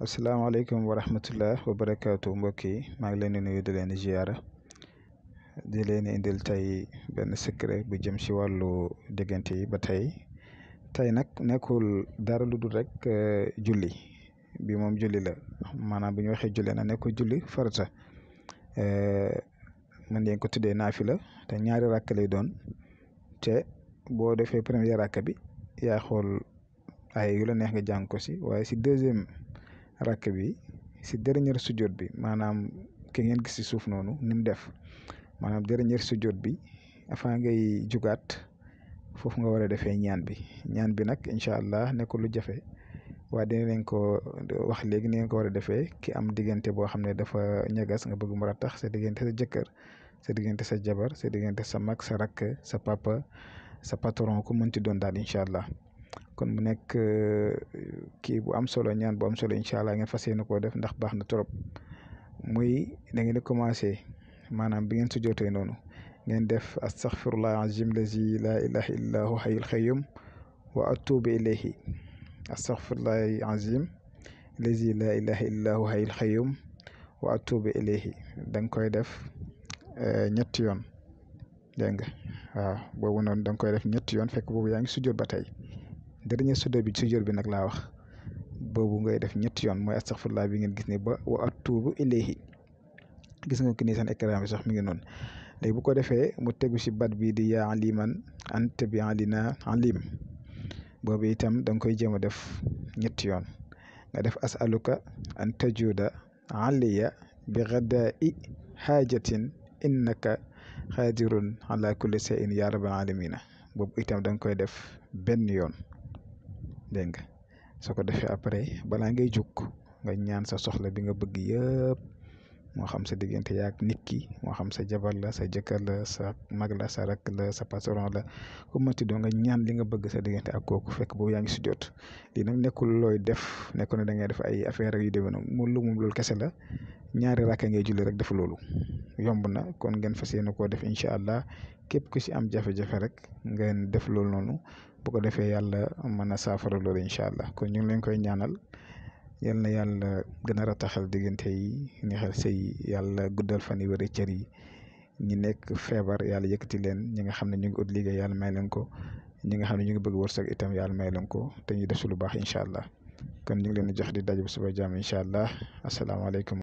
asalaamaaleykum wa rahmatullah wa barakaatu mbokk yi maa ngi leen di nuyu di leen ziara di leen indil tey benn secret bu jëm ci wàllu diggante yi ba tey tey nag nekkul dara lu dul rek eh, julli bi moom julli la maanaam bu ñu waxee julli na nekkul julli farata eh, mën ngeen ko tuddee naafila te ñaari rakk lay doon te boo defee premier rakk bi yaa xool ay yu la neex nga jàng ko si waaye si deuxième. rakk bi si dernier sujjóot bi maanaam ki ngeen gis si suuf noonu ni mu def maanaam si sujjóot bi afaa ngay jugaat foofu nga war a defee ñaan bi ñaan bi nag incha allah nekkul lu jafe waaye dinañ ko wax léegi ni ngeen ko war a defee ki am diggante boo xam ne dafa ñagas nga bëgg mu rattax sa diggante sa jëkkër sa diggante sa jabar sa diggante sa mag sa rakk sa papa sa patron ku mënti doon daal incha allah kon mu nekk euh, kii bu am solo ñaan bu am solo incha allah ngeen fas yéene koo def ndax baax na trop muy da ngeen commencé maanaam bi ngeen su jotee noonu ngeen def astaghfirullah azim lazi la ilaha illa hu hayyul qayyum wa atubu ilayhi astaghfirullah azim lazi la ilaha illa hu hayyul qayyum wa atubu ilayhi da nga koy def euh, ñetti yoon dégg nga waaw boobu noonu da koy def ñetti yoon fekk boobu yaa ngi sujjóot ba tey dernier sudda bi ci jur bi nag laa wax boobu ngay def ñetti yoon mooy astaghfirullah bi ngeen gis ni ba wa atuubu ilayhi gis nga ko ni seen écran bi sax mi ngi noonu léegi bu ko defee mu tegu si bat bi di yaa aliman anta bi alina alim boobu itam da koy jéem a def ñetti yoon nga def asaluka an tajuda aliya bi ghadai haajatin innaka xaadirun ala kulli shay'in ya rabbal alamina boobu itam da nga koy def benn yoon dégg nga su ko defee après balaa ngay jóg nga ñaan sa soxla bi nga bëgg yëpp moo xam sa diggante yaak nit ki moo xam sa jabar la sa jëkkër la sa mag la sa rakk la sa patron la kom mënti doon nga ñaan li nga bëgg sa diggante ak kooku fekk boobu yaa ngi si jot lii nag nekkul looy def nekku ne da ngay def ay affaire yu demee noonu moom lool kese la ñaari rakka ngay julli rek def loolu yomb na kon ngeen fa yéene koo def incha allah képp ku si am jafe-jafe rek ngeen def loolu noonu bu ko defee yàlla mën a saafara loolu incha allah kon ñu ngi leen koy ñaanal yal na yàlla gën a rataxal diggante yi neexal sëy yàlla guddal fan yi wér cër yi ñi nekk feebar yàlla yëkkati leen ñi nga xam ne ñu ngi ut liggéey yàlla may leen ko ñi nga xam ne ñu ngi bëgg wërsëg itam yàlla may leen ko te ñuy def su lu baax incha allah kon ñu ngi leen di jox di daje bu suba jàmm incha allah asalaamaaleykum